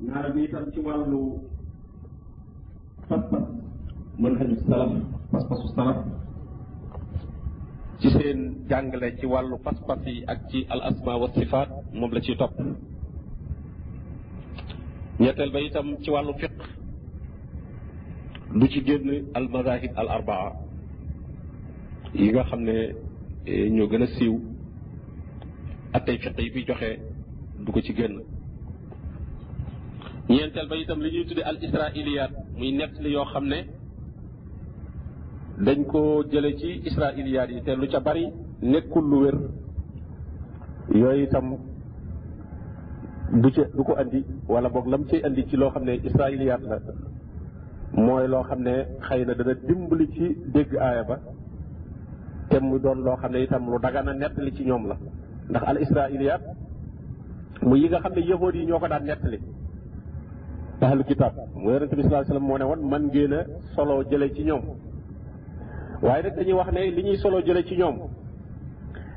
naar bi itam ci wàllu pas mën xaju salaf pas-pasu salaf ci seen jàngale ci wàllu pas yi ak ci al wa sifaat moom la ci topp ñetteel ba itam ci wàllu fiq du ci génn al mazahib al yi nga xam ne eh, ñoo gën a siiw attey fiq yi fi joxe du ko ci génn ñeenteel ba itam li ñuy tudde al israiliyaat muy nett yoo xam ne dañ ko jële ci israiliyaat yi te lu ca bari nekkul lu wér yooyu itam du ca du ko andi wala boog lam cay indi ci loo xam ne israiliyaat la mooy loo xam ne xëy na dana dimbali ci dégg aaya ba te mu doon loo xam ne itam lu dagana nettali ci ñoom la ndax al israiliyaat mu yi nga xam ne yahood yi ñoo ko daan nettali ahlu kitaab mu yonente bi sallallahu moo ne woon man ngeen a solo jële ci ñoom waaye dañuy wax ne li ñuy solo jële ci ñoom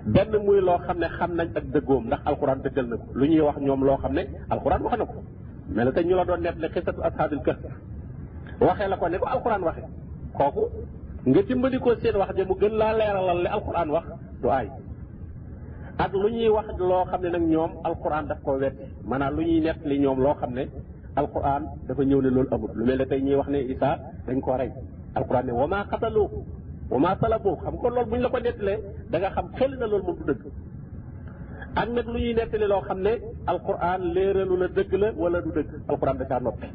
benn muy loo xam ne xam nañ ak dëggoom ndax alxuraan dëggal na ko lu ñuy wax ñoom loo xam ne alxuraan wax na ko mel na te ñu la doon nettali xisatu ashabil kahf waxee la ko ne al alxuraan waxe kooku nga dimbali ko seen wax ja mu gën laa leeralal li alxuraan wax du aay ak lu ñuy wax loo xam ne nag ñoom alxuraan daf ko wetti maanaam lu ñuy nettali ñoom loo xam ne alquran dafa ñëw ne loolu amul lu mel ne tey ñuy wax ne Isa dañ ko rey alquran ne wa maa xatalu wa maa xam ko lool bu ñu la ko nettalee da nga xam xel na loolu moom du dëgg ak nag lu ñuy nettali loo xam ne alquran léeralu la dëgg la wala du dëgg alquran da caa noppi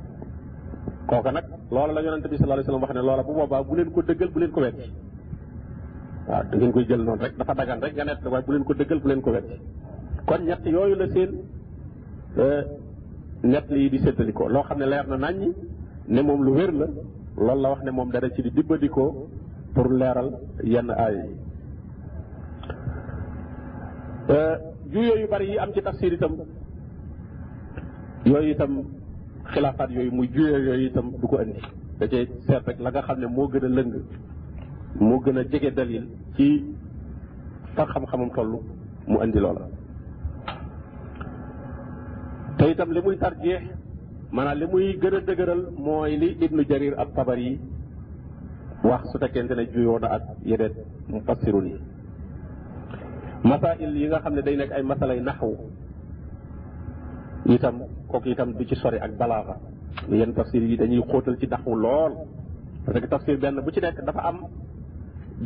kooka nag loola la yonente bi sallallahu alayhi wasallam wax ne loola bu boobaa bu leen ko dëggal bu leen ko weddi waaw da ngeen koy jël noonu rek dafa dagan rek nga nett ko dëggal bu leen ko weddi kon nett yi di séddalikoo loo xam ne leer na naññ ne moom lu wér la loolu la wax ne moom dara ci di dibbandikoo pour leeral yenn aaya yi juyoo euh, yu bari yi am ci tafsir itam yooyu itam xilaafaat yooyu muy juyoo yooyu itam du ko indi da cay seet rek la nga xam ne moo gën a lëng moo gën a jege dalil ci fa xam-xamam toll mu indi loola itam li muy tarjeex maanaam li muy gën a dëgëral mooy li ibnu jarir ab tabar yi wax su fekkente ne juyoo na ak mu yeneen mufassirun yi masail yi nga xam ne day nekk ay masalay naxwu itam kooku itam du ci sore ak balaaxa yenn tafsir yi dañuy xóotal ci naxwu lool parce que tafsir benn bu ci nekk dafa am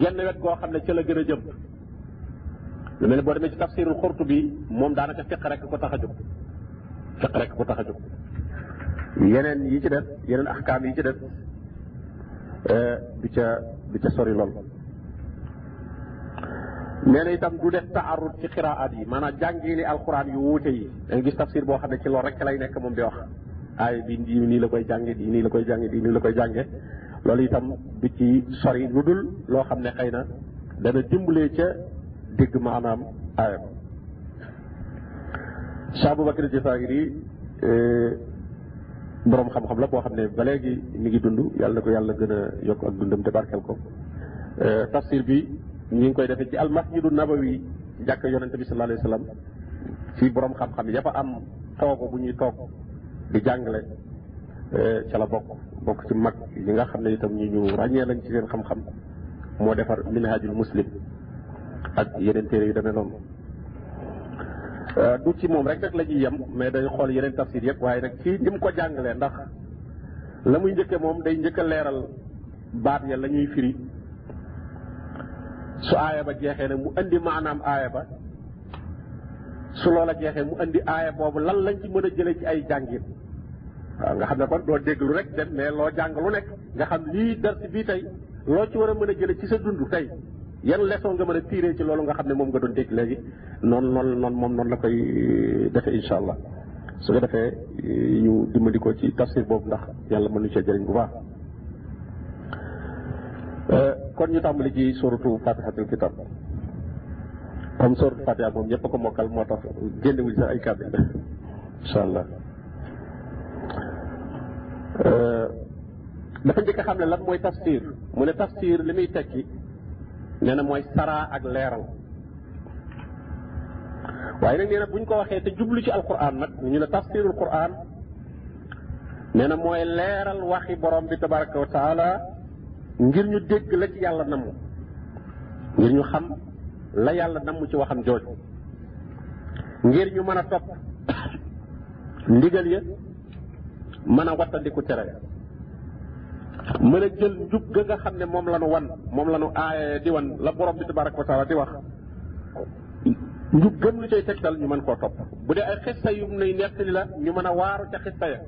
genn wet goo xam ne ca la gën a jëm lu mel ne boo demee ci tafsirul xurtu bi moom daanaka fiq rek ko tax a jóg tak rek bu tax a yi ci def yeneen ahkaam yi ci def euh, du ca du ca sori lool nee itam du def ci yi alquran yu yi da nga gis tafsir boo xam ci lool rek lay nekk moom di wax aay bi di nii la koy jànge di nii la koy jànge di nii la koy jànge itam ci sori dana ca Cheikh Aboubacar Jazaa'iri eh, boroom xam-xam la koo xam ne ba léegi mi ngi dund yàlla na ko yàlla gën a yokk ak dundam te barkeel ko eh, tafsir bi ñu ngi koy defee ci almasjidu nabawi jàkk yonente bi sallallahu alayhi wa sallam ci boroom xam am toogo bu ñuy toog di jàngale eh, ca la bokk bokk ci mag yi nga xam ne itam ñu ñu ràññee lañ ci seen xam-xam moo defar minhajul muslim ak yeneen téere yu demee noonu Euh, du ci moom rek rek la ñuy yem mais day xool yeneen tafsir yëpp waaye nag fii ni mu ko jàngalee ndax la muy njëkkee moom day njëkk a leeral baat ya lañuy ñuy firi su aaya ba jeexee nag mu indi maanaam aaya ba su loola jeexee mu indi aaya boobu lan lañ ci mën a jëlee ci ay jàngin waaw nga xam ne kon doo déglu rek dem mais loo jàng lu nekk nga xam lii dars bii tey loo ci war a mën a jëlee ci sa dund tey yan leçon nga mën a tiire ci loolu nga xam ne moom nga doon dégg léegi noonu noonu noonu moom noon la koy euh, defee incha allah su ko defee euh, ñu dimbali ko ci tafsir boobu ndax yàlla mën nañu cee bu baax. Euh, kon ñu tàmbali ci suratu fatihatul kitab comme suratu fatiha moom ñëpp ko mokkal moo tax génnewuñ si ay kàddu incha allah. dafa njëkk a xam ne lan mooy tafsir mu ne tafsir li muy tekki. nee mooy saraa ak leeral waaye nag nee na bu ñu ko waxee te jublu ci alquran nag ñu ne tafsirul quran nee na mooy leeral waxi borom bi tabaraka wa taala ngir ñu dégg la ci yàlla namm ngir ñu xam la yàlla namm ci waxam jooju ngir ñu mën a topp ndigal ya mën a wattandiku tere mën a jël njub ga nga xam ne moom lanu wan moom la nu aaya la borom bi tabaraka wa taala di wax njub gëm lu cay tegtal ñu mën koo topp bu dee ay xista yu nuy nettali la ñu mën a waaru ca xista ya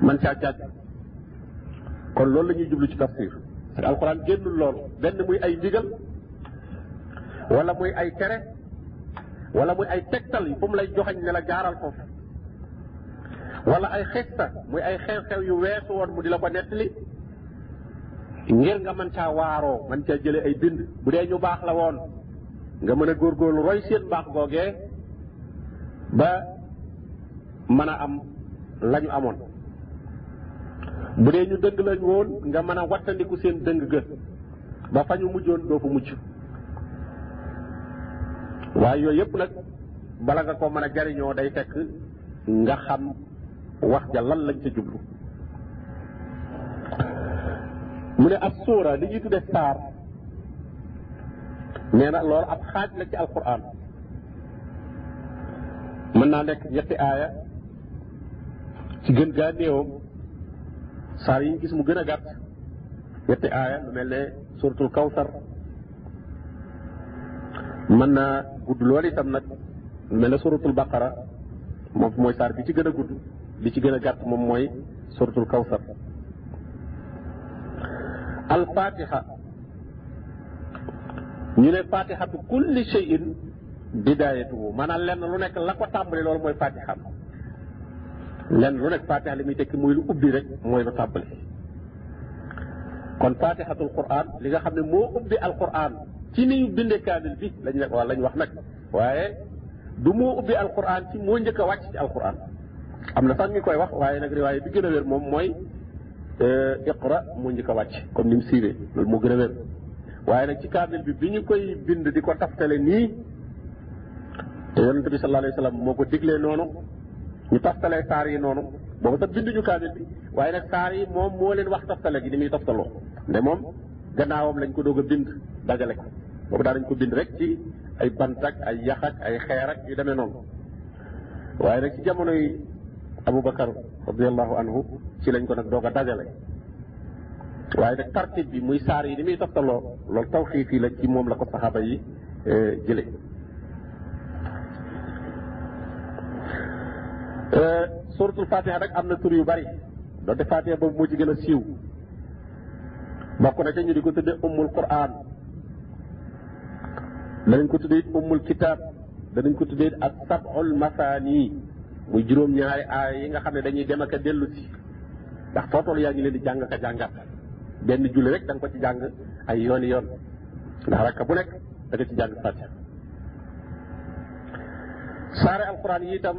man caa jàgg kon loolu la ñuy jublu ci tafsir parce que alxuraan génnul loolu benn muy ay ndigal wala muy ay tere wala muy ay tegtal fu mu lay joxañ ne la jaaral foofu wala ay xista muy ay xew-xew yu weesu woon mu di la ko nettali ngir nga man caa waaroo mën caa jëlee ay bind bu dee ñu baax la woon nga mën a góor góorgóorlu roy seen baax googee ba mën a am lañu amoon bu dee ñu dëng lañ woon nga mën a wattandiku seen dëng gën ba fa ñu mujjoon doo fa mujj waaye yooyu yëpp nag bala nga ko mën a jariñoo day fekk nga xam wax ja lan lañ ca jublu mu ne ab suura li ñuy tudde saar nee na loolu ab xaaj la ci alquran mën naa nekk ñetti aaya ci gën gaa néewam saar yi ñu gis mu gën a gàtt ñetti aaya lu mel ne suratul kawsar mën gudd loolu itam nag mel ne suratul baqara moom mooy saar bi ci gën a gudd bi ci gën a gàtt moom mooy suratul kawsar al fatiha ñu ne fatihatu kulli cheyin bidayatuhu maanaam lenn lu nekk la ko tàmbali loolu mooy fatiha lenn lu nekk fatiha li muy tekki muy lu ubbi rek mooy lu tàmbali kon fatihatul quran li nga xam ne moo ubbi alquran ci ni ñu binde kaamil bi lañ ne wala lañ wax nag waaye du moo ubbi alquran ci moo njëkk a wàcc ci alquran am na sax ñu koy wax waaye nag riwaay bi gën a wér moom mooy euh, iqra moo njëkk a wàcc comme ni mu siiwee loolu moo gën a wér waaye nag ci kaamil bi bi ñu koy bind di ko taftale nii te yonente bi sallallahu alayhi moo ko diglee noonu ñu taftalee saar yi noonu boobu sax binduñu kaamil bi waaye nag saar yi moom moo leen wax taftale gi ni muy taftaloo nde moom gannaawam lañ ko doog a bind dagale ko boobu daa dañ ko bind rek ci ay bant ak ay yax ak ay xeer ak yu demee noonu waaye Abu bakar radiallahu anhu ci lañ ko nag doog a dajale waaye nag tartib bi muy saar yi ni muy toftaloo loolu tawxiif yi la ci moom la ko saxaaba yi eh, jële eh, suratul fatiha nag am na tur yu bari donte fatiha boobu moo ci gën siiw bokk na ca ñu di ko tuddee ummul quran danañ ko tuddee ummul kitab danañ ko tuddee ak sab'ul masani muy juróom-ñaari aay yi nga xam ne dañuy dem ak a dellu si ndax yaa ngi leen di jàng ka jàngat benn julli rek da ko ci jàng ay yooni yoon ndax rakka bu nekk da nga ci jàng fàtte saare alxuraan yi itam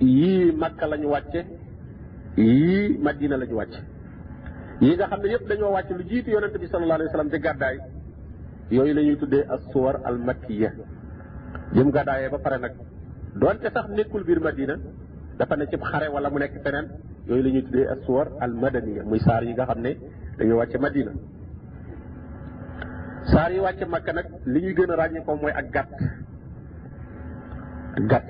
yii makka lañu wàcce yii madina lañu wàcce yi nga xam ne yëpp dañoo wàcce lu jiitu yonente bi sallallahu alayhi wa sallam ci gàddaay yooyu lañuy tuddee as suwar al makkiya jëm gàddaayee ba pare nag doonte sax nekkul biir madina dafa ne cib xare wala mu nekk feneen yooyu la ñuy tuddee assuwar al madaniya muy saar yi nga xam ne dañuy wàcce madina saar yi wàcce makka nag li ñuy gën a ràññee mooy ak gàtt ak gàtt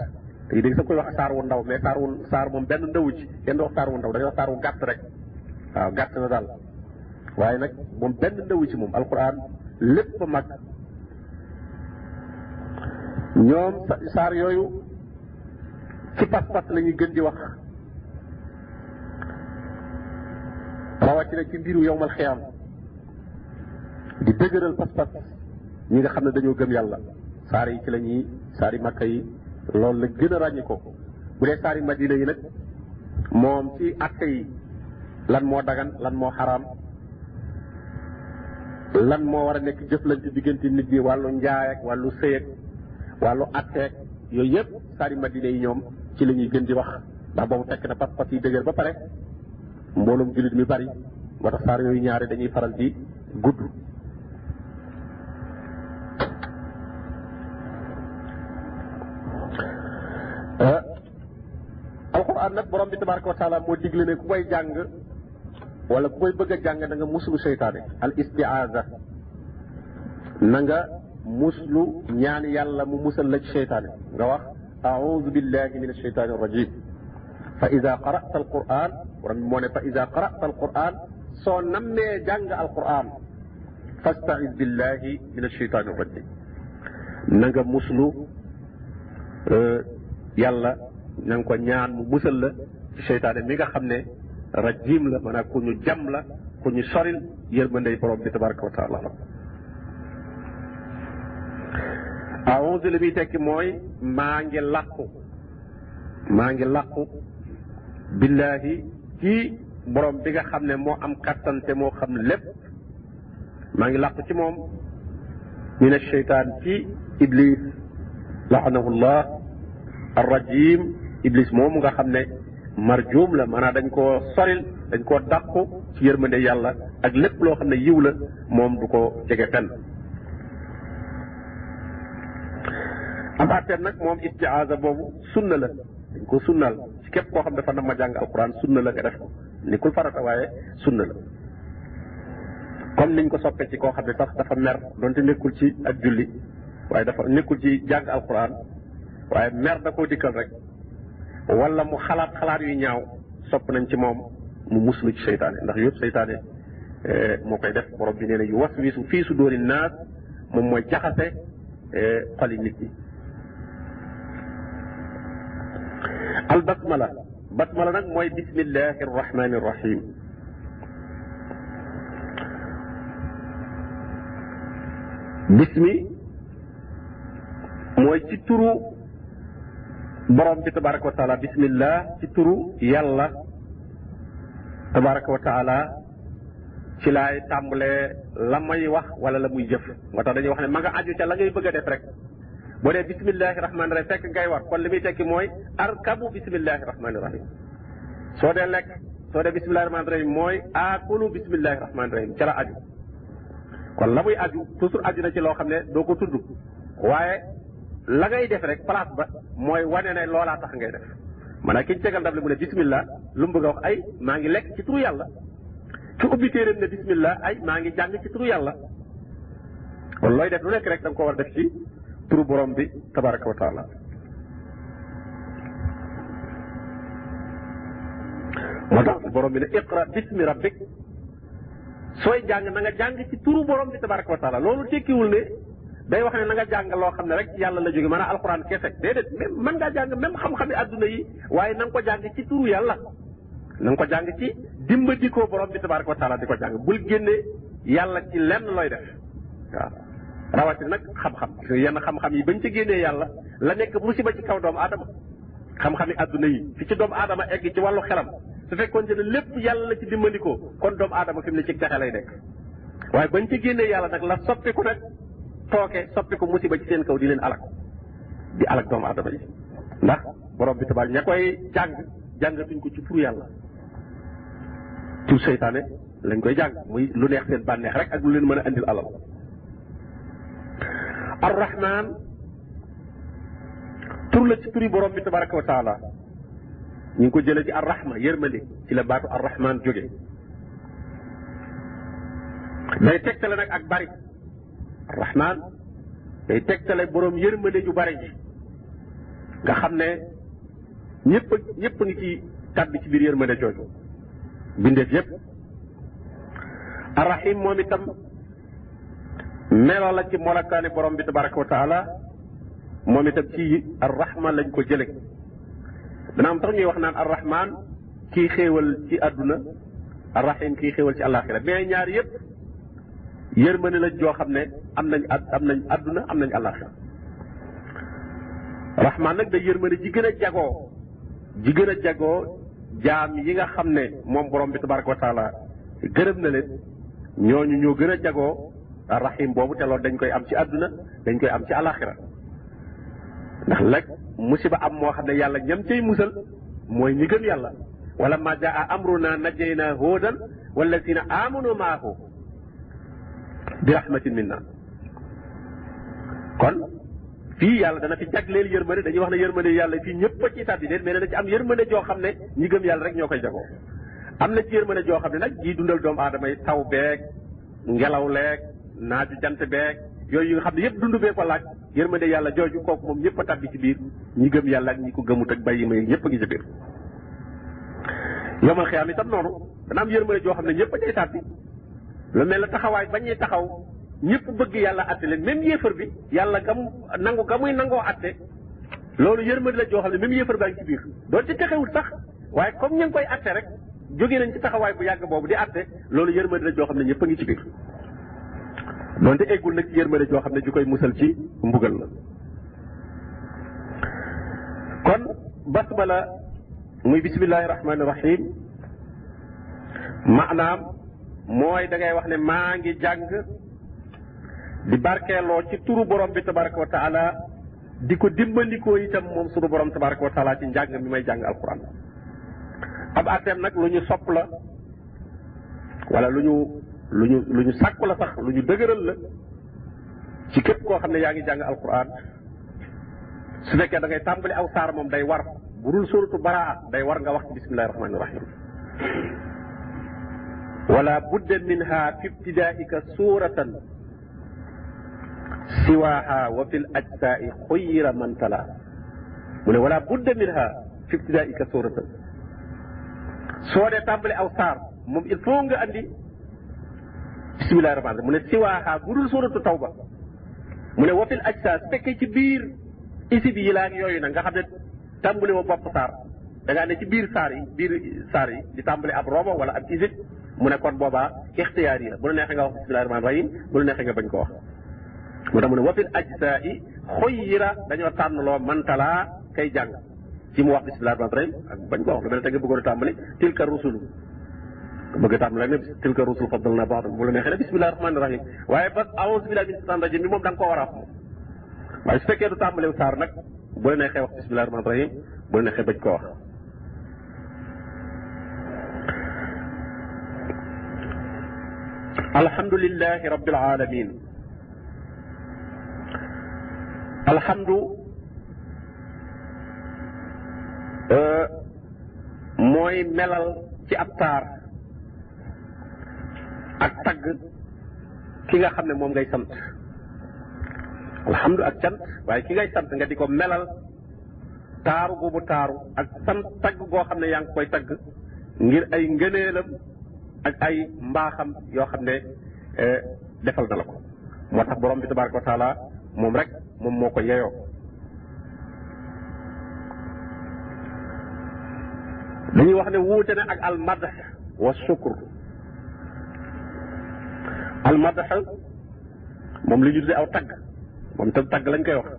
te dégg sax koy wax saar wu ndaw mais saar wu saar moom benn ndawu ci kenn dox wax saar wu ndaw dañuy wax saar wu gàtt rek waaw gàtt na daal waaye nag moom benn ndawu ci moom alquran lépp a mag ñoom saar yooyu ci pas-pas la gën di wax rawatina ci mbiru yowmal xiyaam di dëgëral pas-pas ñi nga xam ne dañoo gëm yàlla saar yi saari makka yi loolu la gën a ràññi ko bu dee saari madina yi nag moom ci atte yi lan moo dagan lan moo xaraam lan moo war a nekk jëflante diggante nit ñi wàllu njaay ak wàllu sëy ak wàllu atteek yooyu yëpp saari madina yi ñoom ci la ñuy gën di wax ndax boobu fekk na pas-pas yi dëgër ba pare mbooloom jullit mi bari moo yooyu ñaare dañuy faral di gudd. Ah, alxuraan nag borom bi tabaraka wa moo digle ne ku koy jàng wala ku koy bëgg a jàng da nga muslu seytaane al istiaza na nga muslu ñaan yàlla mu musal la ci seytaane nga wax. أعوذ بالله من الشيطان الرجيم فإذا قرأت القرآن ورمونا فإذا قرأت القرآن سو جنج القرآن فاستعذ بالله من الشيطان الرجيم نجا مسلو آه، يالا نجا نيان مسل الشيطان شيطان ميغا رجيم لا مانا كونو جام لا كونو سورين بروم تبارك وتعالى awuzu li muy tekki mooy maa ngi làqu maa ngi làqu billaahi ci boroom bi nga xam ne moo am kàttan te moo xam lépp maa ngi làqu ci moom min asheytaan ci iblis laanahullah arrajim iblis mu nga xam ne marjuum la maanaam dañ koo soril dañ koo dàqu ci yërmande yàlla ak lépp loo xam ne yiw la moom du ko jege fenn am àtteem nag moom istiaasa boobu sunna la dañ ko sunnaal képp koo xam dafa na ma jàng alquran sunna la nga def ko nekkul farata waaye sunna la comme niñ ko soppee ci koo xam ne sax dafa mer donte nekkul ci ak julli waaye dafa nekkul ci jàng alquran waaye mer da koo dikkal rek wala mu xalaat xalaat yu ñaaw sopp nañ ci moom mu muslu ci seytaane ndax yëpp seytaane eh, moo koy def borom bi nee na yu waswisu fii su dóori naas moom mooy jaxase eh, xoli al basmala basmala nag mooy bismillahi arrahmani arrahim bismi mooy ci turu borom bi tabaraka wa taala bismillah ci turu yàlla tabaraka wa taala ci laay tàmbalee la may wax wala la muy jëf moo tax dañuy wax ne ma nga aju ca la ngay bëgg a def rek boleh ne bismillahi rahmani rahim fekk ngay war kon li muy tekki mooy arkabu bismillahi rahmani rahim soo dee lekk soo dee bismillahi rahmani rahim mooy aakulu bismillahi rahmani rahim ca la aju kon la muy aju toujours aju na ci loo xam ne doo ko tudd waaye la ngay def rek place ba mooy wane ne loolaa tax ngay def maanaam ki tegal mu ne bismillah lu mu bëgg a wax ay maa ngi lekk ci turu yàlla ubbi téeréem ne bismillah ay maa ngi jàng ci turu yàlla kon looy def lu nekk rek da nga ko war def ci turu borom bi tabaraka wa taala tax borom bi ne iqra bismi rabbik sooy jàng na jàng ci turu borom bi tabaraka wa loolu tekkiwul ne day wax ne na nga jàng loo xam ne rek yàlla la jóge maanaam alxuraan kese déedéet même mën ngaa jàng même xam-xami àdduna yi waaye na ko jàng ci turu yàlla na ko jàng ci dimba dikoo borom bi tabaraka wa di ko jàng bul génne yàlla ci lenn looy def waaw rawatina nag xam-xam yenn xam-xam yi bañ ci génnee yàlla la nekk musiba ci kaw doomu aadama xam-xam yi àdduna yi fi ci doomu aadama egg ci wàllu xelam su fekkoon ne lépp yàlla ci dimbandikoo kon doomu aadama fi mu ne ci texe lay nekk waaye bañ ci génnee yàlla nag la soppiku nag tooke soppiku musiba ci seen kaw di leen alak di alak doomu aadama yi ndax borom bi tabaar ña koy jàng jàngatuñ ko ci turu yàlla tur seytaane lañ koy jàng muy lu neex seen bànneex ak lu leen mën a andil alal arrahman tur la ci turi borom bi tabaraka wa ñu ngi ko jëlee ci arrahma yërmande ci la baatu arrahman jóge day tegtale nag ak bari arrahman day tegtale borom yërmande ju bari ji nga xam ne ñépp ñëpp ngi ci tàbbi ci biir yërmande jooju bindeef yëpp arrahim moom itam meloo la ci molakaani borom bi tabaraka wa taala moom itam ci arrahman lañ ko jële dana am tax ñuy wax naan arrahman kii xéewal ci àdduna arrahim kii xéewal ci àllaaxira mais ñaar yëpp yërmande la joo xam ne am nañ am nañ àdduna am nañ àllaaxira rahman nag da yërmande ji gën a jagoo ji gën a jagoo jaam yi nga xam ne moom borom bi tabaraka wa taala na leen ñooñu ñoo gën a jagoo rahim boobu te dañ koy am ci àdduna dañ koy am ci alaxira ndax lek ba am moo xam ne yàlla ñam cay musal mooy ñi gëm yàlla wala ma jaa amruna najayna hóodan wallazina amanu maahu bi rahmatin minna kon fii yàlla dana fi jagleel yërmande dañuy wax ne yërmande yàlla fii ñëpp a ci tàbbi déet mais dana ci am yërmande joo xam ne ñi gëm yàlla rek ñoo koy jagoo am na ci yërmande joo xam ne nag jii dundal doomu aadama yi taw beeg ngelaw leeg naa ji jant beeg yooyu nga xam ne yëpp dund bee ko laaj yërmande yàlla jooju kooku moom ñëpp a tàbbi ci biir ñi gëm yàlla ak ñi ko gëmut ak bàyyi ma ñëpp a ngi ci biir. yomal xiyaam itam noonu dana am yërmande joo xam ne ñëpp a ñuy tàbbi lu mel ne taxawaay ba ñuy taxaw ñëpp bëgg yàlla atte leen même bi yàlla gam nangu ga muy nangoo atte loolu yërmande la joo xam ne même yéefar baa sax waaye comme ñu ngi koy atte rek jóge nañ ci taxawaay bu yàgg boobu di atte loolu yërmande la joo xam ne ñëpp a ngi ci biir donte eggul nag ci yërmande joo xam ne ju koy musal ci mbugal la kon basmala muy bismillahi rahmaani rahim maanaam mooy da ngay wax ne maa ngi jàng di barkeeloo ci turu borom bi tabaraka wa taala di ko dimbandikoo itam moom sunu borom tabaraka wa taala ci njàng mi may jàng alquran ab atem nag lu ñu sopp la wala lu ñu lu ñu lu ñu sàkku la sax lu ñu dëgëral la ci képp koo xam ne yaa ngi jàng alquran su fekkee da ngay tàmbali aw saar moom day war bu dul suratu day war nga wax ci bismillahi rahmani rahim wala budda minha fi ibtidaika suratan siwaha wa fil ajsaai xuyira man tala wala budda minha fi ibtidaika suratan soo dee tàmbali aw saar moom il faut nga andi bisimilah rahmaan rahim mu ne siwaaxaa bu dul suuratu tawba mu ne wafil ajsaas fekkee ci biir isib yi laan yooyu nag nga xam ne tàmbali wa bopp saar da ngaa ne ci biir saar yi biir saar yi di tàmbali ab rooba wala ab isib mu ne kon boobaa ixtiyaar yi la bu ne neexee nga wax bisimilah rahmaan rahim bu la neexee nga bañ ko wax. moo tax mu ne wafil ajsaa yi xoyira dañoo tànnaloo mantalaa kay jàng ci mu wax bisimilah rahmaan rahim ak bañ ko wax lu tàmbali tilka rusulu bëgg a tax la ne tilka rusul faddal na baax bu la neexee ne bisimilah rahmaani rahim waaye ba aouzu billahi min satan rajim bi moom da nga koo war a am waaye su fekkee du tàmbalew saar nag bu la neexee wax bisimilah rahmaani rahim bu la neexee bañ koo wax. alhamdulilahi rabbil alamin alhamdu euh, mooy melal ci ab ak tagg ki nga xam ne moom ngay sant alhamdu ak cant waaye ki ngay sant nga di ko melal taaru gu mu taaru ak sant tagg goo xam ne yaa ngi koy tagg ngir ay ngëneelam ak ay mbaaxam yoo xam ne eh, defal na la ko moo tax borom bi tabaraka wa taala moom rek moom moo ko yeyoo dañuy wax ne wuute na ak almadax wa sukkur almadax moom lu ñu tuddee aw tagg moom tam tagg lañ koy wax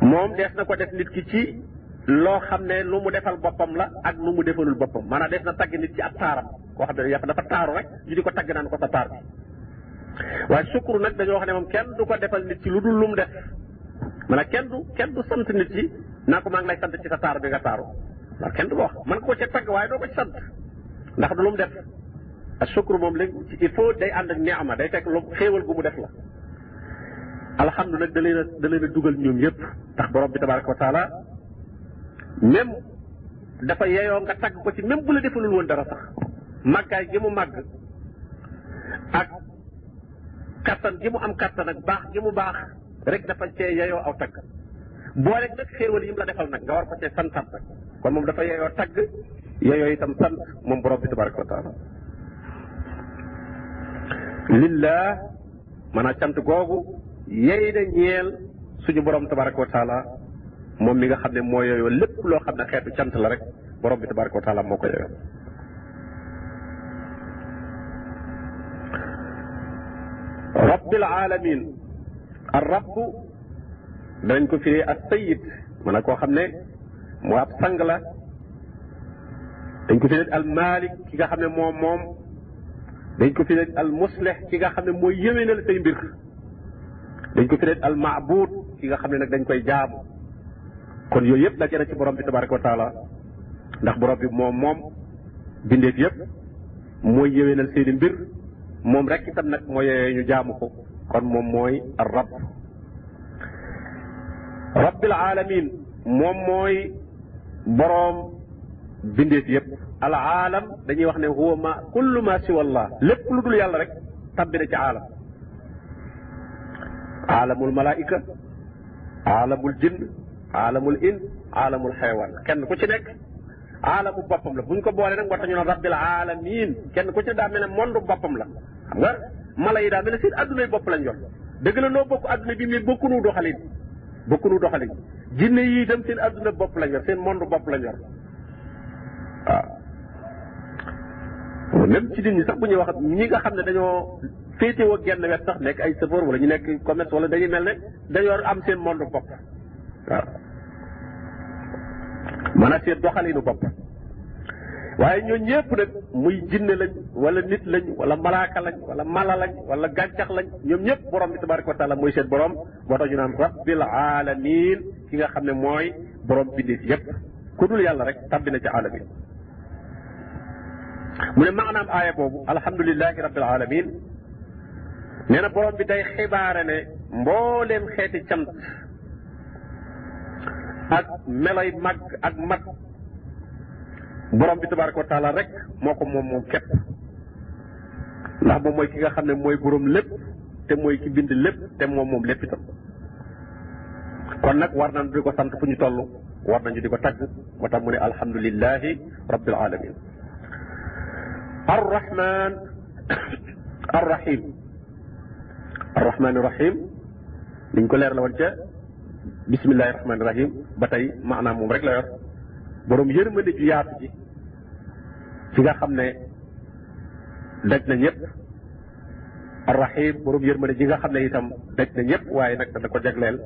moom dees na ko def nit ki ci loo xam ne lu mu defal boppam la ak lu mu defalul boppam a des na tagg nit ci ab taaram wax xam ne yàpp dafa taaru rek ñu di ko tagg naan ko sa taar bi waaye sukkur nag dañoo wax ne moom kenn du ko defal nit ci lu dul lu mu def maanaam kenn du kenn du sant nit ci naa ko maa ngi lay sant ci sa taar bi nga taaru ndax kenn du ko wax mën nga ko ci tag waaye doo ko ci lu mu def ak sukkur moom léegi il faut day ànd ak ma day fekk lu xéewal gu mu def la. alhamdu nag da leen dugal ñoom yëpp ndax borom bi tabaraka wa taala dafa yeyoo nga tagg ko ci même bu la defalul woon dara sax màggaay gi mu màgg ak kattan gi mu am kattan ak baax gi mu baax rek dafa cee yeyoo aw tagg boo rek nag xéewal yi mu la defal nag nga war ko cee santaat nag kon moom dafa yeyoo tagg yeyoo itam sant moom borom bi tabaraka wa lillaa maanaam cant googu yey na ñeel suñu boroom tabaraka wa moom mi nga xam ne moo yooyoo lépp loo xam ne xeetu cant la rek borom bi tabaraka wa taala moo ko yooyoo rabbil alamin ar rabb danañ ko firee as sayid maanaam koo xam ne moo ab sang la dañ ko firee al malik ki nga xam ne moom moom dañ ko fi al muslih ki nga xam ne mooy yëwénal say mbir dañ ko fi al maabud ki nga xam ne nag dañ koy jaamu kon yooyu yëpp dajee na ci borom bi tabaraka wa taala ndax borom bi moom moom bindeef yëpp mooy yëwénal seeni mbir moom rek itam nag mooy yooyu ñu jaamu ko kon moom mooy ar rab rabbil alamin moom mooy boroom bindeef yëpp al aalam dañuy wax ne huwa ma kullu ma siwa lépp lu dul yàlla rek tabbi na ci aalam aalamul malaayika aalamul jinn aalamul in aalamul xayawaan kenn ku ci nekk aalamu boppam la buñ ko boolee nag moo tax ñu ne rabbil aalamin kenn ku ci ne daa mel ne monde boppam la xam nga mala yi daa mel ne seen addunay bopp lañ yor dëgg la noo bokk adduna bi mais bokkunu doxalin bokkunu doxalin jinne yi itam seen adduna bopp lañ yor seen monde bopp lañ yor waaw même ci nit ñi sax bu ñuy wax ñi nga xam ne dañoo féetewoo genn wet sax nekk ay chauffeur wala ñu nekk commerce wala dañuy mel ne dañoo am seen monde bopp waaw maanaam seen doxalinu bopp waaye ñooñu ñëpp nag muy jinne lañ wala nit lañ wala malaaka lañ wala mala lañ wala gàncax lañ ñoom ñëpp borom bi tabaraka wa taala mooy seen borom moo tax ñu naan rabbil alamin ki nga xam ne mooy borom bindis yëpp ku dul yàlla rek tabbi na ci alamin mu ne maanaam aaya boobu alhamdulilahi rabbil alamin nee na bi day xibaare ne mbooleem xeeti cant ak melay mag ak mat borom bi tabaraka wa taala rek moo ko moom moom képp ndax moom mooy ki nga xam ne mooy borom lépp te mooy ki bind lépp te moom moom lépp itam kon nag war na di ko sant fu ñu toll war na di ko tagg moo tax mu ne alhamdulilahi rabbil alamin الرحمن الرحيم الرحمن الرحيم liñ ko leer la woon ca bismillahi rahmaani rahim ba tey maanaam moom rek la yor boroom yërmande ju yaatu ji ci nga xam ne daj na ñëpp arrahim boroom yërmande ji nga xam ne itam daj na ñëpp waaye nag dana ko jagleel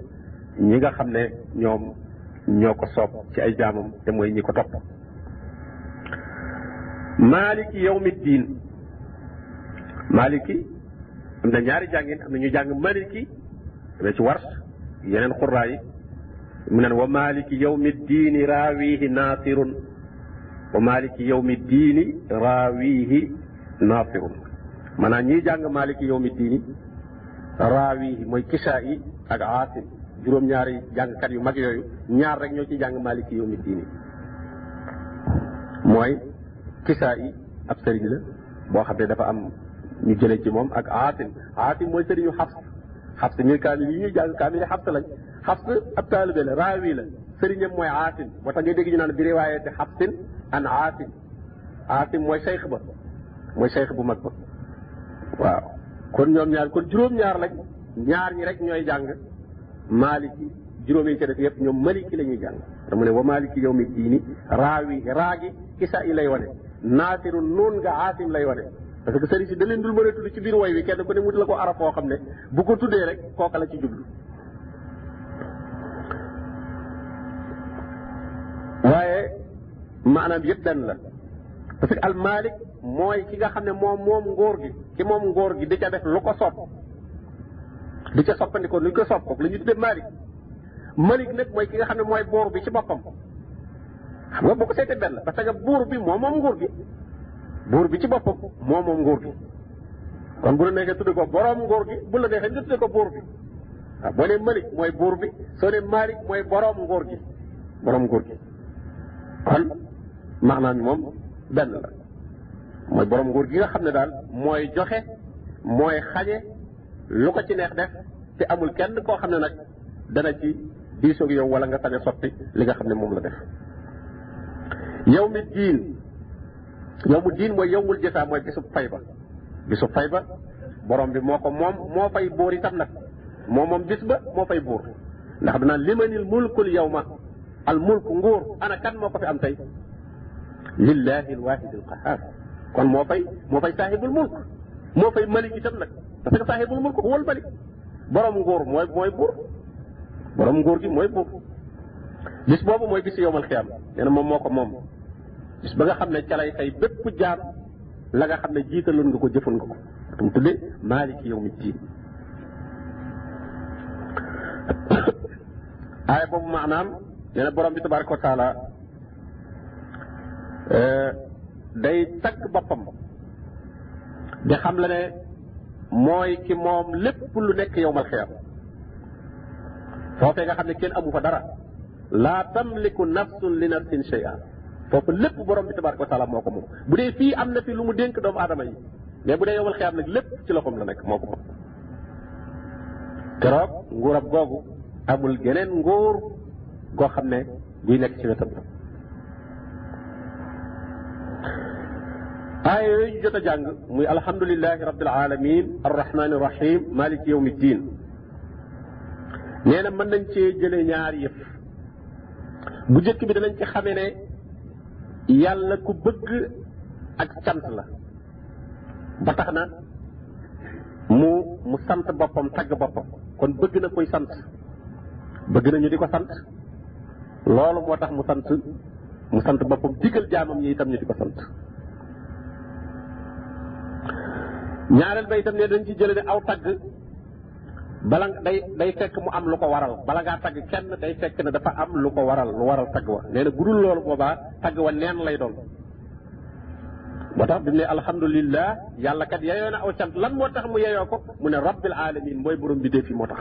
ñi nga xam ne ñoom ñoo ko soob ci ay jaamam te mooy ñi ko topp maaliki yawmi diin maaliki am na ñaari jàngin am ñu jàng maliki dana ci wars yeneen xuraa yi mu neen wa maaliki yawmi diini raawihi naasirun wa maaliki yawmi diini jàng maaliki yawmi diini raawihi mooy kisaa yi ak aasim juróom-ñaari jàngkat yu mag yooyu ñaar rek ñoo ci jàng maaliki yawmi diini mooy kisaa yi ab sëriñ la boo xam ne dafa am ñu jëlee ci moom ak aatim aatim mooy sëriñu xabs xabs ñuy kaamil yi ñuy jàng kaamil yi xabs lañ xabs ab taalibe la raawi la sëriñam mooy aatim moo tax ngay dégg ñu naan bi riwaayati mooy cheikh ba mooy cheikh bu mag ba kon ñoom ñaar kon ñaar lañ ñaar ñi rek ñooy jàng maaliki juróom yi ci yëpp ñoom maliki lañuy ñuy jàng dama ne wa maaliki yow mi diini raawi raagi kisa lay wane naasirun noon nga aasim lay wane parce que sëriñ si daleen leen dul mën a tudd ci biir woy wi kenn ku ne mu la ko arab foo xam ne bu ko tuddee rek kooka la ci jublu waaye maanaam yëpp benn la parce que al mooy ki nga xam ne moom moom ngóor gi ki moom ngóor gi di ca def lu ko sopp di ca soppandikoo lu ko sopp la ñu tuddee malik malik nag mooy ki nga xam ne mooy boor bi ci boppam xam nga boo ko seetee benn parce que buur bi moo moom nguur gi buur bi ci boppam moo moom nguur gi kon bu nekkee neexee tudde ko boroom nguur gi bu la neexee nga tudde ko buur bi waaw boo nee malik mooy buur bi soo nee malik mooy boroom nguur gi boroom nguur gi kon maanaam bi moom benn la mooy boroom nguur gi nga xam ne daal mooy joxe mooy xaje lu ko ci neex def te amul kenn koo xam ne nag dana ci diisoog yow wala nga sañ a sotti li nga xam ne moom la def yow mi diin yow mu diin mooy yowmul jësaa mooy bisub fay ba bisub fay ba borom bi moo ko moom moo fay buur itam nag moo moom bis ba moo fay buur ndax danaan limanil mulkul yawma al mulk nguur ana kan moo ko fi am tey lillahi al wahid al qahar kon moo fay moo fay saahibul mulk moo fay malik itam nag parce que saahibul mulk huwal malik borom nguur mooy mooy buur borom nguur gi mooy buur bis boobu mooy bis yowmal xiyaam nee na moom moo ko moom ba nga xam ne ca lay fay bépp jaam la nga xam ne jiitaloon nga ko jëfoon nga ko tam tudde maaliki yow mi diin aaya boobu maanaam nee na borom bi tabaraka wa euh, day tagg boppam di xam la ne mooy ki moom lépp lu nekk yowmal xiyaam foofee nga xam ne kenn amu fa dara laa tamliku nafsun li nafsin shay'an foofu lépp borom bi tabaraka wa taala moo ko moom bu dee fii am na fi lu mu dénk doomu aadama yi mais bu dee yowal xiyaam nag lépp ci loxoom la nekk moo ko moom keroog nguurab googu amul geneen nguur goo xam ne guy nekk ci wetam la aaya yooyu ñu jot a jàng muy alhamdulilahi rabbil alamin arrahmani rahim maliki yawmi ddin nee na mën nañ cee jële ñaar yëf bu jëkk bi danañ ci xamee ne yàlla ku bëgg ak sant la ba tax na mu mu sant boppam tagg boppam kon bëgg na koy sant bëgg na ñu di ko sant loolu moo tax mu sant mu sant boppam digal jaamam yi itam ñu di ko sant ñaareel ba itam ne dañ ci jële aw tagg bala day day fekk mu am lu ko waral bala ngaa tagg kenn day fekk ne dafa am lu ko waral lu waral tagg wa nee na bu dul loolu boobaa tagg wa neen lay doon moo tax bi mu ne alhamdulillah yàlla kat yeyoo na aw cant lan moo tax mu yeyoo ko mu ne rabbil alamin mooy borom bi def fi moo tax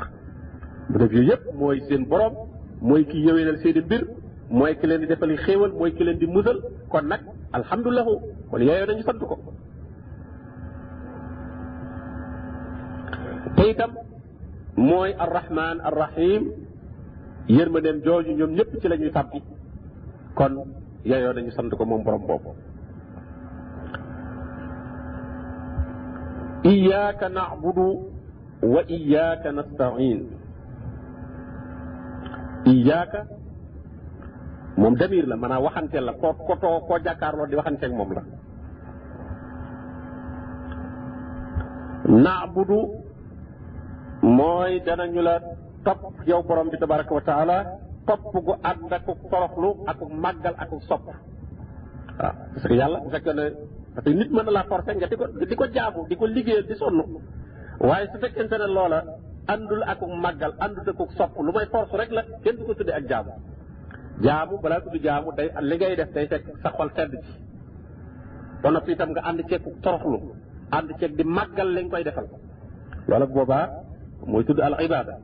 bu def yooyu yëpp mooy seen borom mooy kii yëwénal seeni mbir mooy ki leen di defal xéewal mooy ki leen di musal kon nag alhamdulilahu kon yeyoo nañu sant ko te mooy arrahman arrahim yërmandeem jooju ñoom ñëpp ci lañuy ñuy kon yeyoo nañu sant ko moom boroom boobu iyaaka na'budu wa iyaaka nasta'in iyaaka moom damir la maanaam waxanteel la koo kotoo koo jàkkaarloo di waxanteeg moom la na'budu mooy danañu la topp yow borom bi tabaraka wa taala topp gu ànd ak toroxlu ak màggal ak sopp parce que yàlla bu fekkee ne parce nit mën na laa forcer nga di ko di ko jaamu di ko liggéeyal di sonn waaye su fekkee ne loola àndul ak màggal àndul ak sopp lu may force rek la kenn du ko tuddee ak jaamu. jaamu balaa tudd jaamu day li ngay def day fekk sa xol sedd ci ba noppi itam nga ànd ceeg toroxlu ànd ceeg di màggal lañ koy defal loola boobaa. mooy tudd al ibada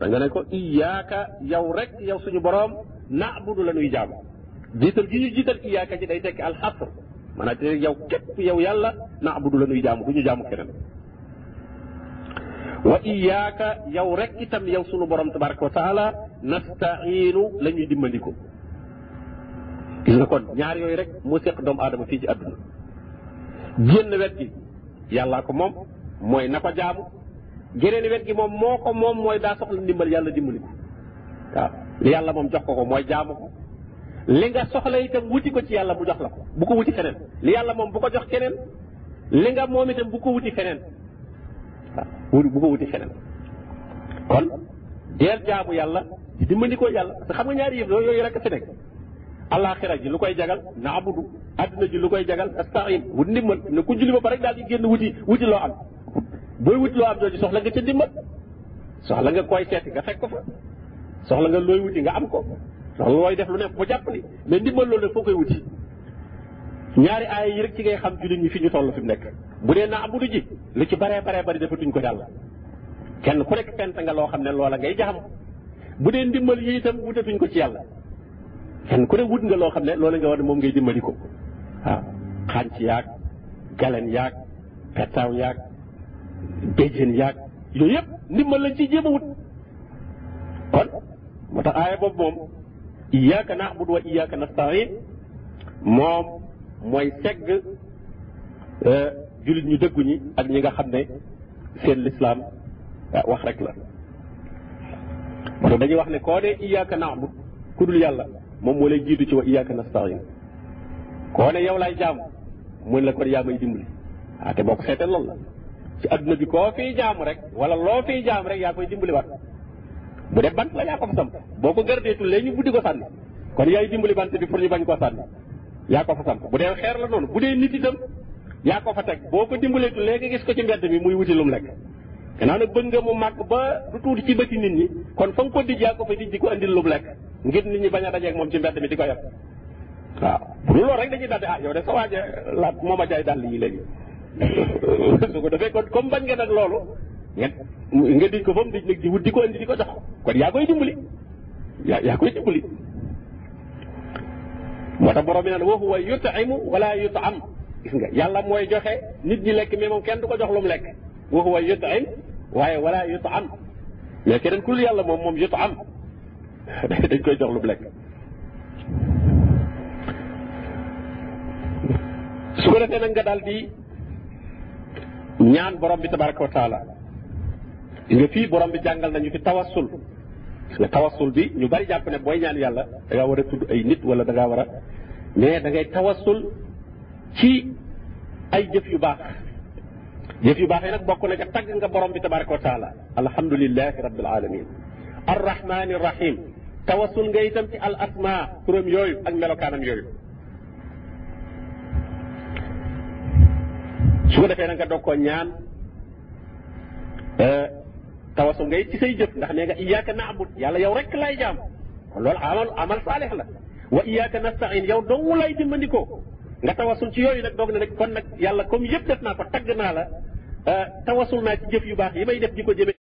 da ne ko iyaaka yow rek yow suñu boroom naabudu la ñuy jaam jiital gi ñu jiital iyaaka ci day tekki al xasr maanaam te yow képp yow yàlla naabudu la ñuy jaamu du ñu jaamu keneen wa iyaaka yow rek itam yow suñu borom tabaraka wa taala nastainu la ñuy dimbandiko gis nga kon ñaar yooyu rek moo seq doom aadama fii ci àdduna génn wet gi yàllaa ko moom mooy na ko jaamu géneen wet gi moom moo ko moom mooy daa soxla ndimbal yàlla dimbali ko waaw yàlla moom jox ko ko mooy jaamu ko li nga soxla itam wuti ko ci yàlla bu jox la ko bu ko wuti feneen li yàlla moom bu ko jox keneen li nga moom itam bu ko wuti feneen waaw bu ko wuti feneen kon deel jaamu yàlla di dimbandikoo yàlla parce xam nga ñaari yëf yooyu rek fi nekk alaxira ji lu koy jagal na abudu adduna ji lu koy jagal astain wut ndimbal ne ku julli ba pare daal di génn wuti wuti booy wut loo am jooju soxla nga ca dimbal soxla nga koy seeti nga fekk ko fa soxla nga looy wuti nga am ko soxla looy def lu nekk ku jàpp ni mais ndimbal loolu nag ñaari aay yi rek ci ngay xam jullit ñi fi ñu toll fi mu nekk bu dee naa amudu ji ci baree baree bari dafa tuñ ko yàlla kenn ku nekk pent nga loo xam ne loola ngay jaxam bu dee ndimbal yi itam wutatuñ ko ci yàlla kenn ku ne wut nga loo xam ne loola nga war ne moom ngay dimbali ko waaw xànc yaag galen yaag pettaaw yaag béjjén yaag yooyu yëpp ndimbal lañ ci jéem a wut kon moo tax aaya boobu moom iyyaka na'budu wa iyyaka nasta'in moom mooy segg euh, jullit ñu dëggu ñi ak ñi nga xam ne seen lislaam euh, wax rek la moo tax wax ne koo ne iyyaka na'budu ku dul yàlla moom moo lay jiitu ci wa iyyaka nasta'in koo ne yow laay jaam mu ne la kon yaa may dimbali ah te boo ko seetee loolu la ci aduna bi ko fi jaamu rek wala lo fi jaamu rek ya koy dimbali wat bu def bant la ya ko sam boko gardeetul leñu buddi ko sanni kon yaay dimbali bant bi pour ñu bañ ko sanni ya ko fa sam bu dee xeer la noonu bu dee nit itam yaa ko fa teg boo ko dimbaleetu léegi gis ko ci mbedd mi muy wuti lum lekk gannaaw nag bëgg mu màgg ba du tuuti ci bëti nit ñi kon fa nga ko dij yaa ko fa dij di ko andil lum lekk ngir nit ñi bañ a dajeeg moom ci mbedd mi di ko yab waaw bu loolu rek dañuy daal ah yow de sa waaje laat moo ma jaay dàll yi léegi su ko defee ko comme bañ nga nag loolu nga nga diñ ko fa mu diñ nag di wut di ko indi di ko jox kon yaa koy dimbali yaa yaa koy dimbali moo tax borom bi naan wa huwa yut'imu wala yut'am gis nga yàlla mooy joxe nit ñi lekk mais kenn du ko jox lu mu lekk wa huwa yut'im waaye wala yut'am mais keneen yàlla moom moom yut'am dañ koy jox lu lekk su ko defee nag nga daal di ñaan borom bi tabaraka wa taala nga fii borom bi jàngal nañu fi tawassul nga tawassul bi ñu bari jàpp ne booy ñaan yàlla da war a tudd ay nit wala da ngaa war a mais da ngay tawassul ci ay jëf yu baax jëf yu baax yi nag bokk na nga tagg nga borom bi tabaraka wa taala alhamdulilahi rabbil alamin arrahmani rahim tawassul nga itam ci al asma turam yooyu ak melokaanam yooyu su ko defee nag nga doog koo ñaan euh, tawasu ngay ci say jëf ndax nee nga iyyaka na'bud yàlla yow rek laay jaam kon loolu amal amal saalix la wa iyyaka nasta'in yow dong lay dimbandikoo nga tawasul ci yooyu nag doog ne rek kon nag yàlla comme yëpp def naa ko tagg naa la euh, tawasul naa ci jëf yu baax yi may def di ko jëme